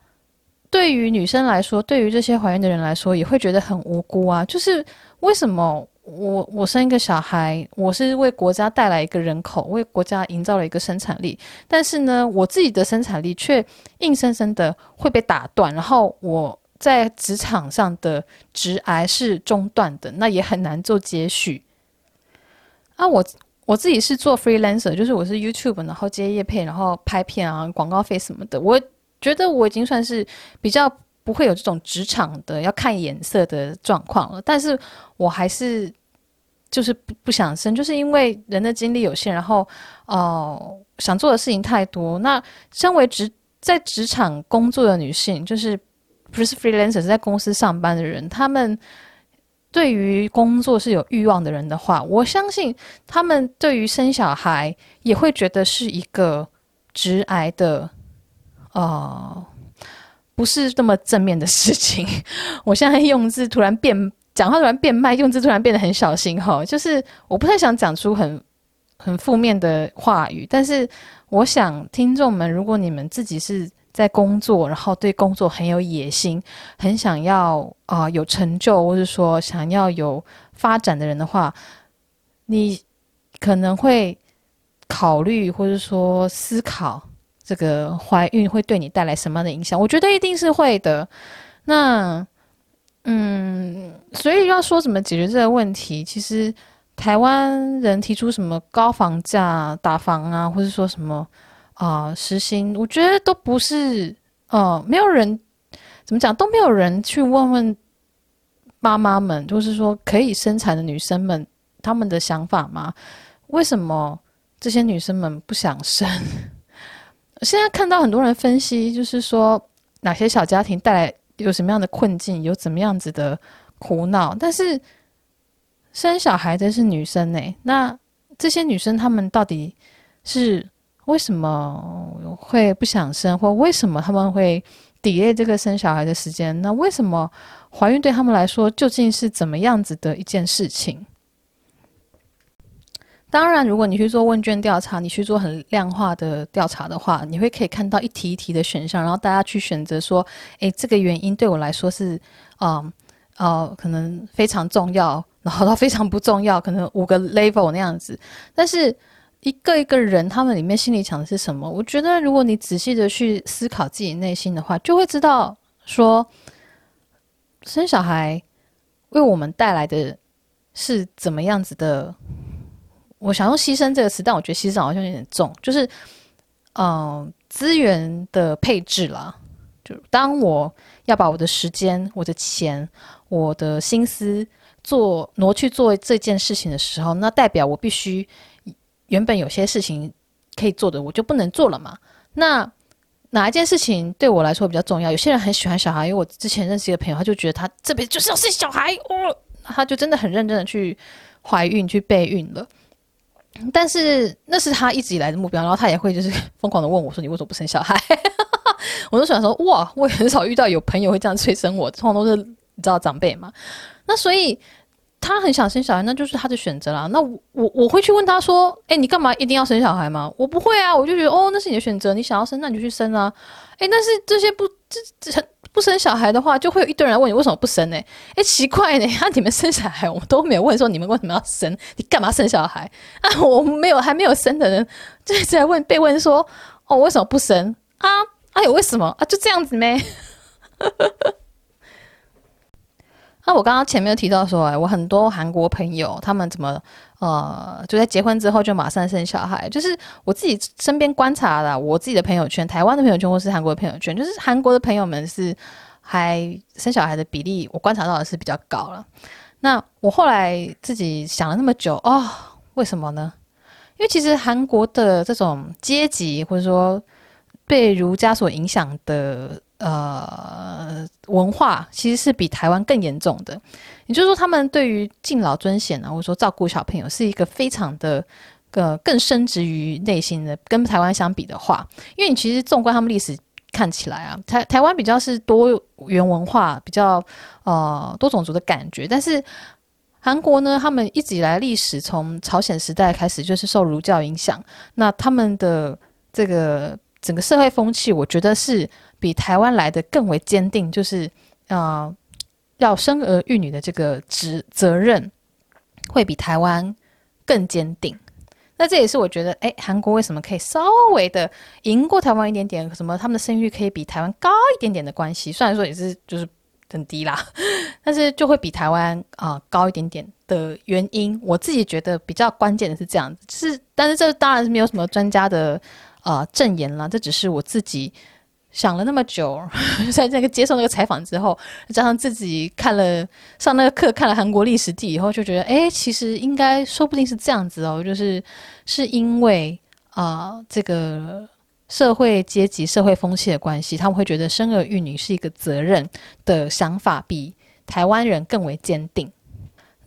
對於女生來說，對於這些懷孕的人來說，也會覺得很無辜啊，就是為什麼？我我生一個小孩，我是為國家帶來一個人口，為國家營造了一個生產力。但是呢，我自己的生產力卻硬生生的會被打斷，然後我在職場上的職涯是中斷的，那也很難做接續啊。我我自己是做 freelancer，就是我是 YouTuber，然後接業配，然後拍片啊，廣告費什麼的。我覺得我已經算是比較不會有這種職場的要看眼色的狀況了，但是我還是。就是不不想生，就是因為人的精力有限，然後哦、呃、想做的事情太多。那身為職在職場工作的女性，就是不是 freelancers，在公司上班的人，她們對於工作是有慾望的人的話，我相信她們對於生小孩也會覺得是一個致癌的，呃，不是這麼正面的事情。 我現在用字突然變。講話突然變慢，用字突然變得很小心，哦。哈，就是我不太想講出很很負面的話語，但是我想聽眾們，如果你們自己是在工作，然後對工作很有野心，很想要啊、呃、有成就，或者是說想要有發展的人的話，你可能會考慮，或者說思考這個懷孕會對你帶來什麼樣的影響。我覺得一定是會的。那。嗯，所以要說怎麼解決這個問題，其實台灣人提出什麼高房價、打房啊，或者說什麼啊，呃、時薪，我覺得都不是。哦、呃，沒有人怎麼講，都沒有人去問問媽媽們，就是說可以生產的女生們，她們的想法嗎？為什麼這些女生們不想生？現在看到很多人分析，就是說哪些小家庭帶來。有什麼樣的困境，有怎麼樣子的苦惱？但是生小孩的是女生呢、欸？那這些女生她們到底是為什麼會不想生，或為什麼她們會 delay 這個生小孩的時間？那為什麼懷孕對她們來說究竟是怎麼樣子的一件事情？當然，如果你去做問卷調查，你去做很量化的調查的話，你會可以看到一題一題的選項，然後大家去選擇說：“誒、欸，這個原因對我來說是，嗯，哦、嗯、可能非常重要，然後到非常不重要，可能五個 level 那樣子。”但是一個一個人他們裡面心裡想的是什麼？我覺得如果你仔細的去思考自己內心的話，就會知道說，生小孩為我們帶來的是怎麼樣子的。我想用“犧牲”這個詞，但我覺得“犧牲”好像有點重。就是，嗯、呃，資源的配置啦，就當我要把我的時間、我的錢、我的心思做挪去做這件事情的時候，那代表我必須原本有些事情可以做的，我就不能做了嘛。那哪一件事情對我來說比較重要？有些人很喜歡小孩，因為我之前認識一個朋友，他就覺得他這輩子就是要生小孩，哇、哦，他就真的很認真的去懷孕、去備孕了。但是那是他一直以來的目標，然後他也會就是瘋狂的問我說：“你為什麼不生小孩？” 我都想說：“哇，我也很少遇到有朋友會這樣催生我，通常都是你知道長輩嘛。”那所以他很想生小孩，那就是他的選擇啦。那我我，我會去問他說：“誒、欸，你幹嘛一定要生小孩嗎？”我不會啊，我就覺得哦，那是你的選擇，你想要生那你就去生啊。哎、欸，但是這些不這這很。不生小孩的話，就會有一堆人問你為什麼不生呢、欸？哎，奇怪呢、欸！那、啊、你們生小孩，我都沒有問說你們為什麼要生？你幹嘛生小孩？那、啊、我們沒有還沒有生的人，就一直來問被問說，哦，我為什麼不生啊？啊，哎呦，為什麼？啊，就這樣子咩？那、 啊、我剛剛前面提到說，哎，我很多韓國朋友，他們怎麼？呃，就在結婚之後就馬上生小孩，就是我自己身邊觀察啦，我自己的朋友圈、台灣的朋友圈或是韓國的朋友圈，就是韓國的朋友們是還生小孩的比例，我觀察到的是比較高了。那我後來自己想了那麼久，哦，為什麼呢？因為其實韓國的這種階級或者說被儒家所影響的呃文化，其實是比台灣更嚴重的。也就是說，他們對於敬老尊賢啊，或者說照顧小朋友，是一個非常的呃更深植於內心的。跟台灣相比的話，因為你其實縱觀他們歷史，看起來啊，台台灣比較是多元文化，比較呃多種族的感覺。但是韓國呢，他們一直以來歷史從朝鮮時代開始就是受儒教影響，那他們的這個整個社會風氣，我覺得是比台灣來的更為堅定，就是啊。呃要生兒育女的這個職責任，會比台灣更堅定。那這也是我覺得，哎，韓國為什麼可以稍微的贏過台灣一點點？什麼他們的生育率可以比台灣高一點點的關係？雖然說也是就是很低啦，但是就會比台灣啊、呃、高一點點的原因，我自己覺得比較關鍵的是這樣。就是，但是這當然是沒有什麼專家的啊、呃、證言啦，這只是我自己。想了那麼久，在那個接受那個採訪之後，加上自己看了上那個課，看了韓國歷史地以後，就覺得哎、欸，其實應該說不定，是這樣子哦，就是是因為啊、呃、這個社會階級、社會風氣的關係，他們會覺得生兒育女是一個責任的想法，比台灣人更為堅定。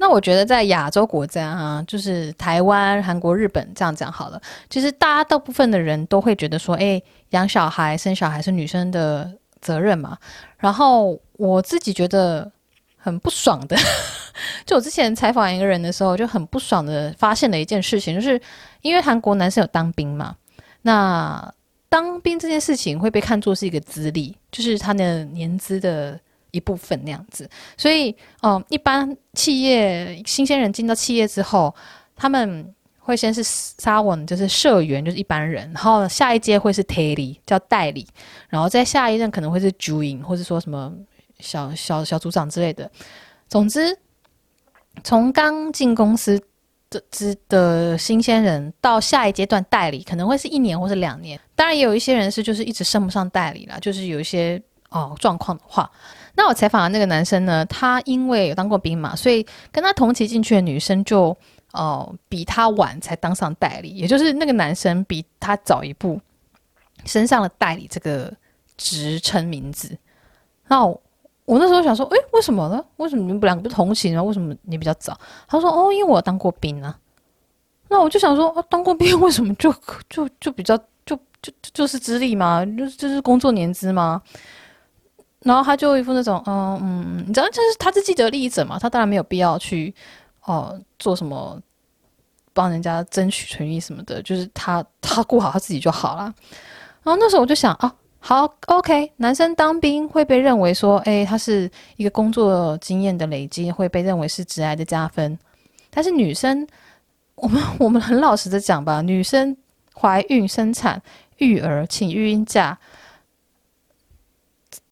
那我覺得在亞洲國家啊，就是台灣、韓國、日本這樣講好了。其實大家大部分的人都會覺得說，哎，養小孩、生小孩是女生的責任嘛。然後我自己覺得很不爽的， 就我之前採訪一個人的時候，就很不爽的發現了一件事情，就是因為韓國男生有當兵嘛，那當兵這件事情會被看作是一個資歷，就是他的年資的一部分那樣子，所以，哦、呃，一般企業新鮮人進到企業之後，他們會先是 Sawon，就是社員，就是一般人，然後下一階會是 Terry 叫代理，然後再下一任可能會是 Joing 或者說什麼小小小組長之類的。總之，從剛進公司的之的新鮮人到下一階段代理，可能會是一年或是兩年。當然也有一些人是就是一直升不上代理啦，就是有一些哦狀況的話。那我採訪的那個男生呢？他因為有當過兵嘛，所以跟他同期進去的女生就，哦、呃，比他晚才當上代理，也就是那個男生比他早一步，升上了代理這個職稱名字。那我，我那時候想說，哎、欸，為什麼呢？為什麼你們兩個不同期呢？為什麼你比較早？他說，哦，因為我當過兵啊。那我就想說，啊、當過兵為什麼就就就比較就就就，就是資歷嘛，就就是工作年資嘛。然後他就有一副那種，嗯嗯，你知道，就是他是既得利益者嘛，他當然沒有必要去，哦、呃，做什麼幫人家爭取權益什麼的，就是他他顧好他自己就好了。然後那時候我就想，啊、哦，好，OK，男生當兵會被認為說，哎，他是一個工作經驗的累積，會被認為是職涯的加分。但是女生，我們我們很老實的講吧，女生懷孕、生產、育兒，請育嬰假。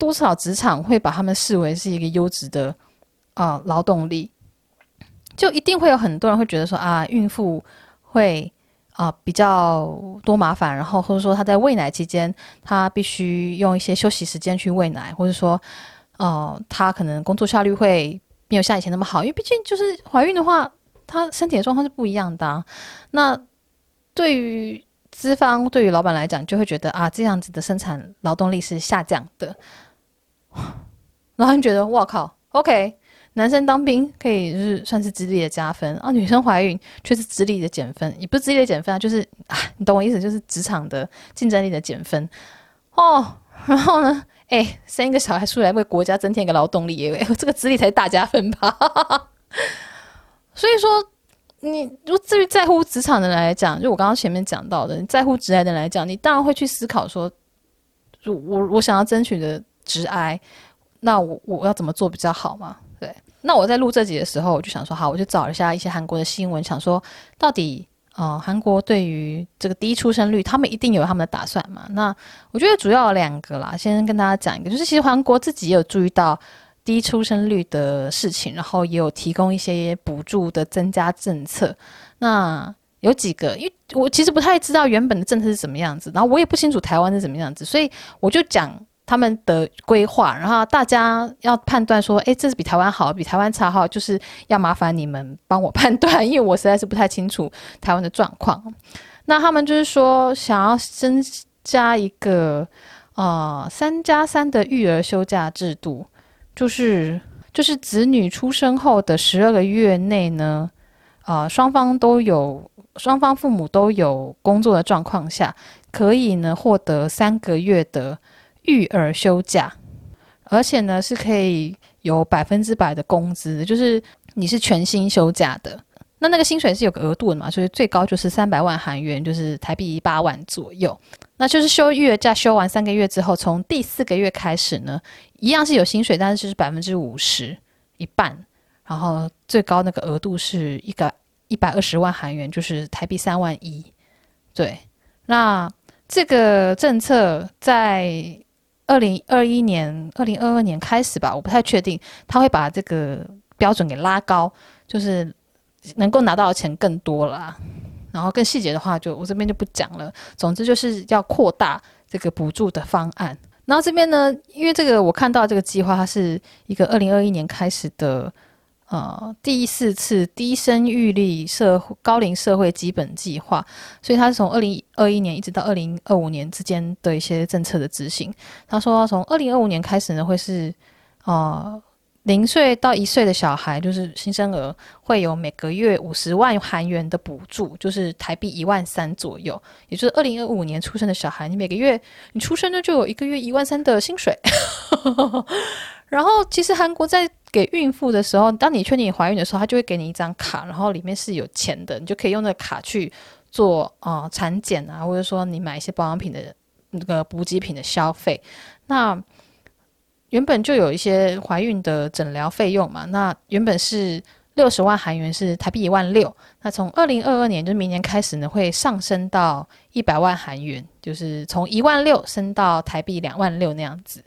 多少職場會把他們視為是一個優質的啊、呃、勞動力？就一定會有很多人會覺得說啊，孕婦會啊、呃、比較多麻煩，然後或者說她在餵奶期間，她必須用一些休息時間去餵奶，或者說呃，她可能工作效率會沒有像以前那麼好，因為畢竟就是懷孕的話，她身體的狀況是不一樣的、啊。那對於資方，對於老板來講，就會覺得啊，這樣子的生產勞動力是下降的。然後你覺得，哇靠，OK，男生當兵可以就是算是資歷的加分啊，女生懷孕卻是資歷的減分，也不是資歷的減分啊，就是啊，你懂我意思，就是職場的競爭力的減分哦。然後呢，哎、欸，生一個小孩出來為國家增添一個勞動力，這個資歷才是大加分吧。 所以說，你如至於在乎職場的人來講，就我剛剛前面講到的，在乎職場的人來講，你當然會去思考說，我我，我想要爭取的。直哀，那我我要怎麼做比較好嘛？對，那我在錄這集的時候，我就想說，好，我就找一下一些韓國的新聞，想說到底，哦、呃，韓國對於這個低出生率，他們一定有他們的打算嘛？那我覺得主要有兩個啦，先跟大家講一個，就是其實韓國自己也有注意到低出生率的事情，然後也有提供一些補助的增加政策。那有幾個，因為我其實不太知道原本的政策是怎麼樣子，然後我也不清楚台灣是怎麼樣子，所以我就講。他們的規劃，然後大家要判斷說，哎、欸，這是比台灣好，比台灣差好，就是要麻煩你們幫我判斷，因為我實在是不太清楚台灣的狀況。那他們就是說，想要增加一個啊三加三的育兒休假制度，就是就是子女出生後的十二個月內呢，啊、呃，雙方都有雙方父母都有工作的狀況下，可以呢獲得三個月的。育兒休假，而且呢是可以有百分之百的工資，就是你是全薪休假的。那那個薪水是有個額度的嘛，所以最高就是三百萬韓元，就是台幣八萬左右。那就是休育兒假，休完三個月之後，從第四個月開始呢，一樣是有薪水，但是就是百分之五十，一半。然後最高那個額度是一個一百二十萬韓元，就是台幣三萬一。對。那這個政策在。二零二一年、二零二二年開始吧，我不太確定他會把這個標準給拉高，就是能夠拿到的錢更多了啊。然後更細節的話就，就我這邊就不講了。總之就是要擴大這個補助的方案。然後這邊呢，因為這個我看到這個計劃，它是一個二零二一年開始的。呃，第四次低生育率社會高齡社會基本計劃，所以他是從二零二一年一直到二零二五年之間的一些政策的執行。他說，從二零二五年開始呢，會是呃零歲到一歲的小孩，就是新生兒，會有每個月五十萬韓元的補助，就是台幣一萬三左右。也就是二零二五年出生的小孩，你每個月你出生呢就有一個月一萬三的薪水。 然後其實韓國在給孕婦的時候，當你確定你懷孕的時候，他就會給你一張卡，然後裡面是有錢的，你就可以用那個卡去做啊、呃、產檢啊，或者說你買一些保養品的那、這個補給品的消費。那原本就有一些懷孕的診療費用嘛，那原本是六十萬韓元是台幣一萬六，那從二零二二年就是明年開始呢會上升到一百萬韓元，就是從一萬六升到台幣兩萬六那樣子，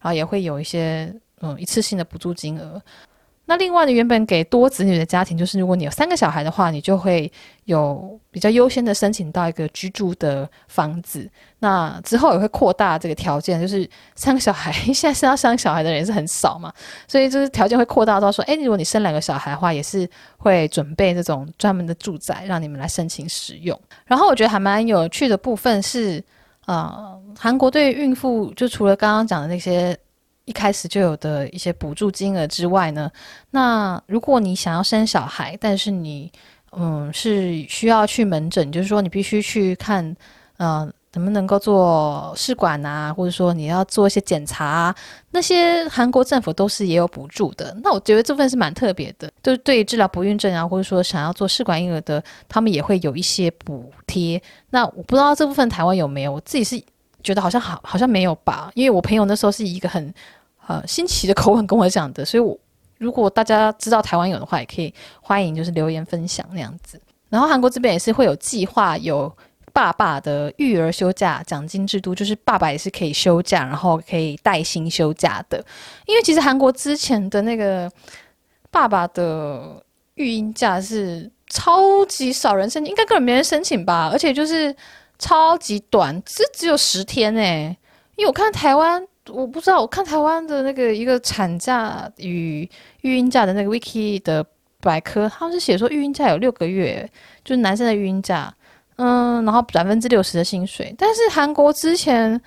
然後也會有一些。嗯，一次性的補助金額。那另外呢，原本給多子女的家庭，就是如果你有三個小孩的話，你就會有比較優先的申請到一個居住的房子。那之後也會擴大這個條件，就是三個小孩。現在生到三個小孩的人是很少嘛，所以就是條件會擴大到說，誒，如果你生兩個小孩的話，也是會準備這種專門的住宅讓你們來申請使用。然後我覺得還蠻有趣的部分是，啊、呃，韓國對孕婦就除了剛剛講的那些。一開始就有的一些補助金額之外呢，那如果你想要生小孩，但是你嗯是需要去門診，就是說你必須去看，呃，能不能夠做試管啊，或者說你要做一些檢查啊，那些韓國政府都是也有補助的。那我覺得這份是蠻特別的，就是對治療不孕症啊，或者說想要做試管嬰兒的，他們也會有一些補貼。那我不知道這部分台灣有沒有，我自己是。覺得好像好，好像沒有吧？因為我朋友那時候是一個很，呃，新奇的口吻跟我講的，所以我，我如果大家知道台灣有的話，也可以歡迎就是留言分享那樣子。然後韓國這邊也是會有計劃，有爸爸的育兒休假獎金制度，就是爸爸也是可以休假，然後可以帶薪休假的。因為其實韓國之前的那個爸爸的育嬰假是超級少人申請，應該根本沒人申請吧？而且就是。超級短，這只有十天欸。因為我看台灣，我不知道，我看台灣的那個一個產假與育嬰假的那個 wiki 的百科，他們是寫說育嬰假有六個月，就是男生的育嬰假，嗯，然後百分之六十的薪水。但是韓國之前，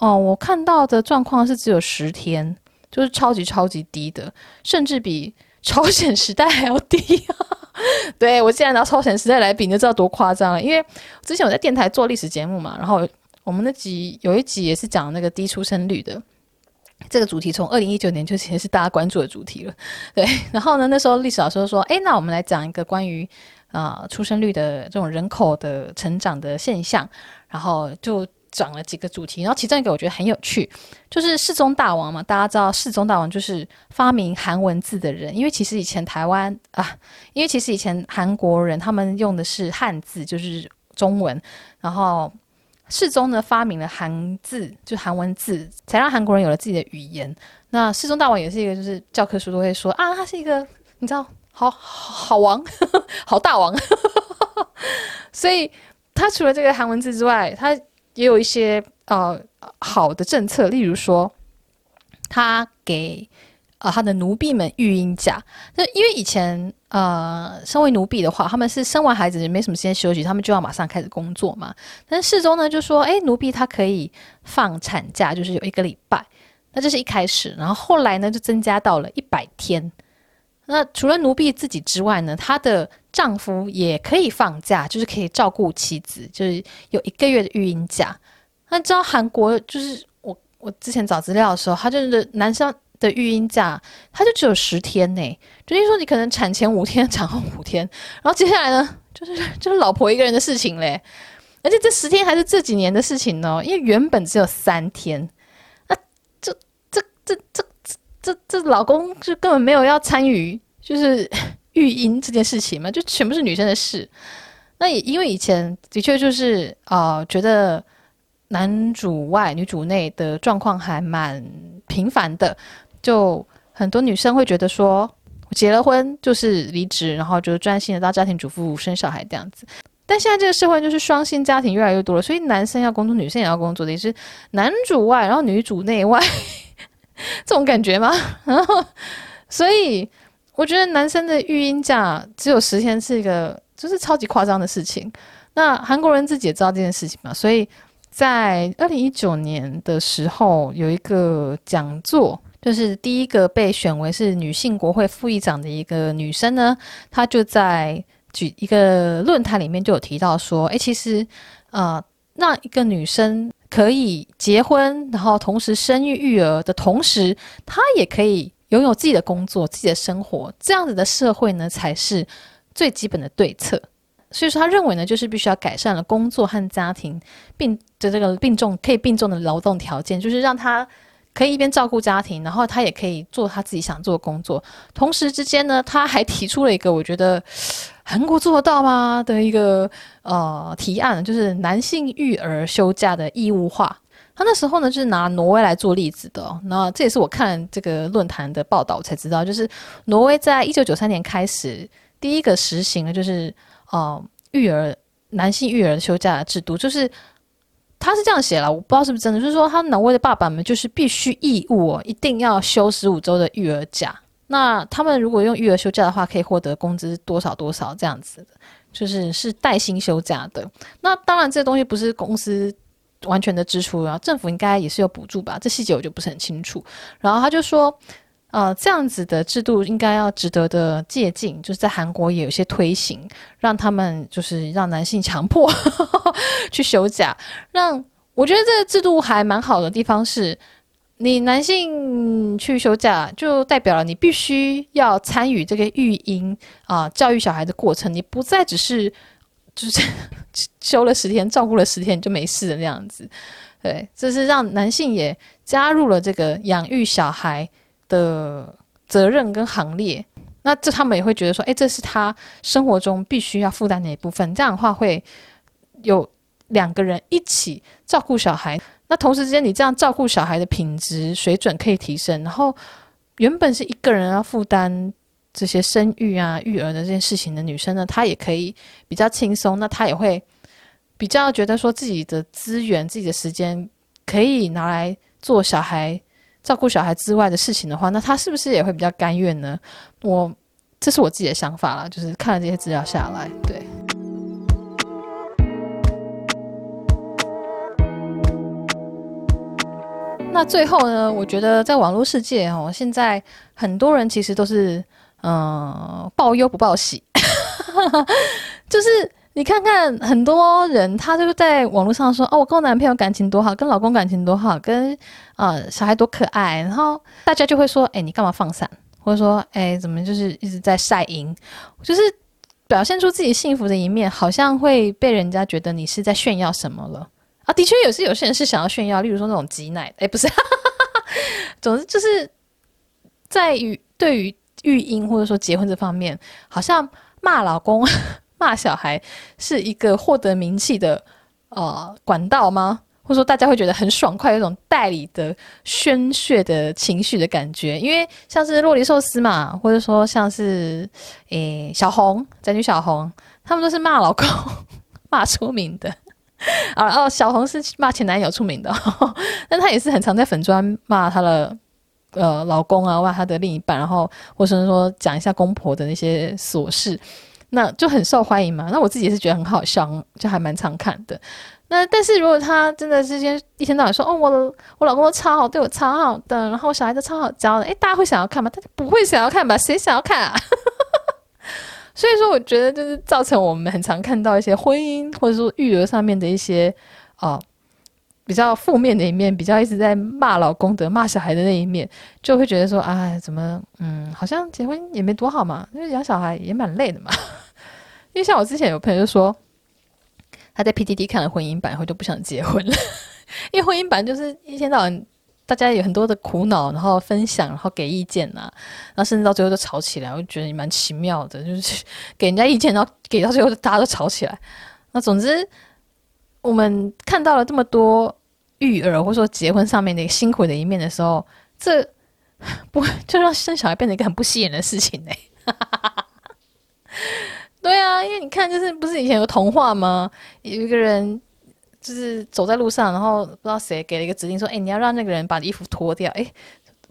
哦，我看到的狀況是只有十天，就是超級超級低的，甚至比。朝鮮時代還要低，啊， 對，我現在拿朝鮮時代來比，你就知道多誇張了。因為之前我在電台做歷史節目嘛，然後我們那集有一集也是講那個低出生率的這個主題，從二零一九年就其實是大家關注的主題了。對，然後呢，那時候歷史老師就說：“哎，那我們來講一個關於啊、呃、出生率的這種人口的成長的現象。”然後就。講了幾個主題，然後其中一個我覺得很有趣，就是世宗大王嘛。大家知道世宗大王就是發明韓文字的人，因為其實以前台灣啊，因為其實以前韓國人他們用的是漢字，就是中文。然後世宗呢發明了韓字，就韓文字，才讓韓國人有了自己的語言。那世宗大王也是一個，就是教科書都會說啊，他是一個你知道好好王， 好大王。 所以他除了這個韓文字之外，他也有一些呃好的政策，例如說，他給啊、呃、他的奴婢們育嬰假。那因為以前呃身為奴婢的話，他們是生完孩子也沒什麼時間休息，他們就要馬上開始工作嘛。但是世宗呢就說，哎、欸，奴婢她可以放產假，就是有一個禮拜。那這是一開始，然後後來呢就增加到了一百天。那除了奴婢自己之外呢，她的丈夫也可以放假，就是可以照顧妻子，就是有一個月的育嬰假。那你知道韓國就是我我之前找資料的時候，他就是男生的育嬰假，他就只有十天呢。所以說你可能產前五天，產後五天，然後接下來呢，就是就是老婆一個人的事情嘞。而且這十天還是這幾年的事情呢，因為原本只有三天。那這這這這。這這老公就根本沒有要參與，就是育嬰這件事情嘛，就全部是女生的事。那也因為以前的確就是啊、呃，覺得男主外女主內的狀況還蠻頻繁的，就很多女生會覺得說，結了婚就是離職，然後就專心的當家庭主婦生小孩這樣子。但現在這個社會就是雙薪家庭越來越多了，所以男生要工作，女生也要工作的，也是男主外，然後女主內外。這種感覺嗎？然後，所以我覺得男生的育嬰假只有十天是一個就是超級誇張的事情。那韓國人自己也知道這件事情嘛，所以在二零一九年的時候，有一個講座，就是第一個被選為是女性國會副議長的一個女生呢，她就在舉一個論壇裡面就有提到說，哎、欸，其實，呃。讓一個女生可以結婚，然後同時生育育兒的同時，她也可以擁有自己的工作、自己的生活。這樣子的社會呢，才是最基本的對策。所以說，她認為呢，就是必須要改善了工作和家庭並的這個並重，可以並重的勞動條件，就是讓她。可以一邊照顧家庭，然後他也可以做他自己想做的工作。同時之間呢，他還提出了一個我覺得韓國做得到嗎的一個呃提案，就是男性育兒休假的義務化。他那時候呢，就是拿挪威來做例子的、哦。那這也是我看這個論壇的報道我才知道，就是挪威在一九九三年開始第一個實行了，就是呃育兒男性，育兒休假的制度，就是。他是這樣寫啦，我不知道是不是真的，就是說，他挪威的爸爸們就是必須義務哦，一定要休十五周的育兒假。那他們如果用育兒休假的話，可以獲得工資多少多少這樣子的，就是是帶薪休假的。那當然，這些東西不是公司完全的支出，然後政府應該也是有補助吧，這細節我就不是很清楚。然後他就說。呃，這樣子的制度應該要值得的借鑒，就是在韓國也有些推行，讓他們就是讓男性強迫 去休假。讓我覺得這個制度還蠻好的地方是，你男性去休假就代表了你必須要參與這個育嬰啊、呃、教育小孩的過程，你不再只是就是 休了十天，照顧了十天就沒事的那樣子。對，這是讓男性也加入了這個養育小孩的責任跟行列，那這他們也會覺得說，哎、欸，這是他生活中必須要負擔的一部分。這樣的話，會有兩個人一起照顧小孩，那同時之間，你這樣照顧小孩的品質水準可以提升。然後，原本是一個人要負擔這些生育啊、育兒的這件事情的女生呢，她也可以比較輕鬆。那她也會比較覺得說，自己的資源、自己的時間可以拿來做小孩。照顧小孩之外的事情的話，那他是不是也會比較甘願呢？我這是我自己的想法啦，就是看了這些資料下來，對。那最後呢？我覺得在網絡世界哦，現在很多人其實都是嗯、呃，報憂不報喜， 就是。你看看很多人，他就是在網絡上說：“哦，我跟我男朋友感情多好，跟老公感情多好，跟啊、呃、小孩多可愛。”然後大家就會說：“哎、欸，你幹嘛放閃？”或者說：“哎、欸，怎麼就是一直在曬嬰”。就是表現出自己幸福的一面，好像會被人家覺得你是在炫耀什麼了啊？”的確，有些有些人是想要炫耀，例如說那種擠奶，哎、欸，不是， 總之就是在於對於育嬰或者說結婚這方面，好像罵老公。 罵小孩是一個獲得名氣的呃管道嗎？或者說大家會覺得很爽快，有一種代理的宣洩的情緒的感覺？因為像是蘿莉壽司嘛，或者說像是誒、欸、小紅，宅女小紅，他們都是罵老公罵出名的啊。哦，小紅是罵前男友出名的，哦，但她也是很常在粉專罵她的呃老公啊，罵她的另一半，然後或者說講一下公婆的那些瑣事。那就很受歡迎嘛。那我自己也是覺得很好笑，就還蠻常看的。那但是如果他真的之間一天到晚說，哦，我我老公都超好，對我超好的，然後我小孩都超好教的，哎，大家會想要看嗎？大家不會想要看吧？誰想要看啊？ 所以說，我覺得就是造成我們很常看到一些婚姻或者說育兒上面的一些啊、哦、比較負面的一面，比較一直在罵老公的、罵小孩的那一面，就會覺得說哎，怎麼嗯，好像結婚也沒多好嘛，因為養小孩也蠻累的嘛。因為像我之前有朋友就說，他在 PTT 看了婚姻版後就不想結婚了， 因為婚姻版就是一天到晚大家有很多的苦惱，然後分享，然後給意見吶、啊，然後甚至到最後就吵起來，我就覺得蠻奇妙的，就是給人家意見，然後給到最後大家都吵起來。那總之，我們看到了這麼多育兒或者說結婚上面的個辛苦的一面的時候，這不就讓生小孩變成一個很不吸引的事情呢、欸？ 對啊，因為你看，就是不是以前有個童話嗎？有一個人就是走在路上，然後不知道誰給了一個指令說：“哎、欸，你要讓那個人把衣服脫掉。欸”哎，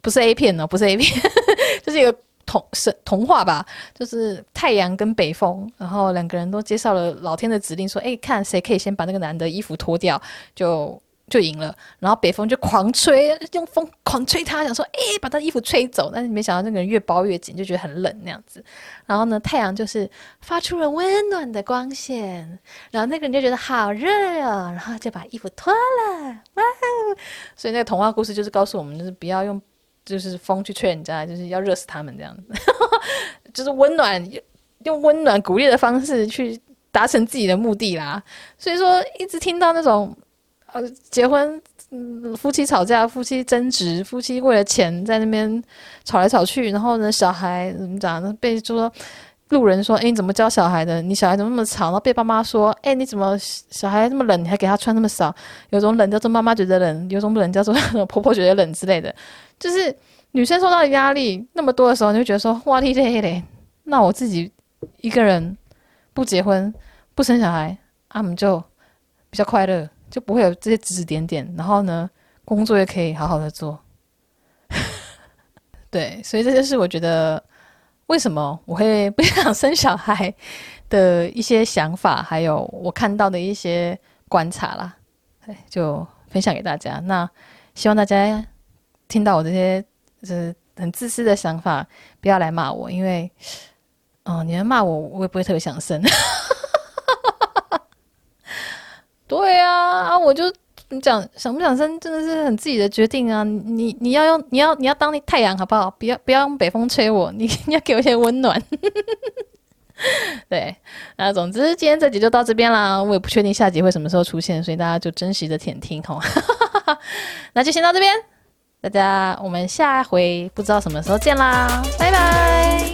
不是 A 片哦，不是 A 片， 就是一個童是童話吧？就是太陽跟北風，然後兩個人都接受了老天的指令說：“哎、欸，看誰可以先把那個男的衣服脫掉。”就。就贏了，然後北風就狂吹，用風狂吹他，想說，哎、欸，把他衣服吹走，但是沒想到那個人越包越緊，就覺得很冷那樣子。然後呢，太陽就是發出了溫暖的光線，然後那個人就覺得好熱哦，然後就把衣服脫了，哇哦！所以那個童話故事就是告訴我們，就是不要用就是風去吹人家，就是要熱死他們這樣子， 就是溫暖用溫暖鼓勵的方式去達成自己的目的啦。所以說，一直聽到那種。呃，結婚，嗯，夫妻吵架，夫妻爭執，夫妻為了錢在那邊吵來吵去，然後呢，小孩怎麼講呢？被就說路人說：“哎、欸，你怎麼教小孩的？你小孩怎麼那麼吵？”然後被爸媽說：“哎、欸，你怎麼小孩這麼冷？你還給他穿那麼少？”有種冷叫做媽媽覺得冷，有種冷叫做婆婆覺得冷之類的，就是女生受到的壓力那麼多的時候，你就會覺得說：“哇，天嘞，那我自己一個人不結婚、不生小孩，啊我們就比較快樂。”就不會有這些指指點點，然後呢，工作也可以好好的做。 對，所以這就是我覺得為什麼我會不想生小孩的一些想法，還有我看到的一些觀察啦，就分享給大家。那希望大家聽到我這些就是很自私的想法，不要來罵我，因為，哦、呃，你們罵我，我也不會特別想生。 對啊，啊，我就你講想不想生，真的是很自己的決定啊！你你要用，你要你要當太陽好不好？不要不要用北風吹我，你你要給我一些溫暖。 對，那總之今天這集就到這邊啦，我也不確定下集會什麼時候出現，所以大家就珍惜的聽聽吼。 那就先到這邊，大家我們下回不知道什麼時候見啦，拜拜。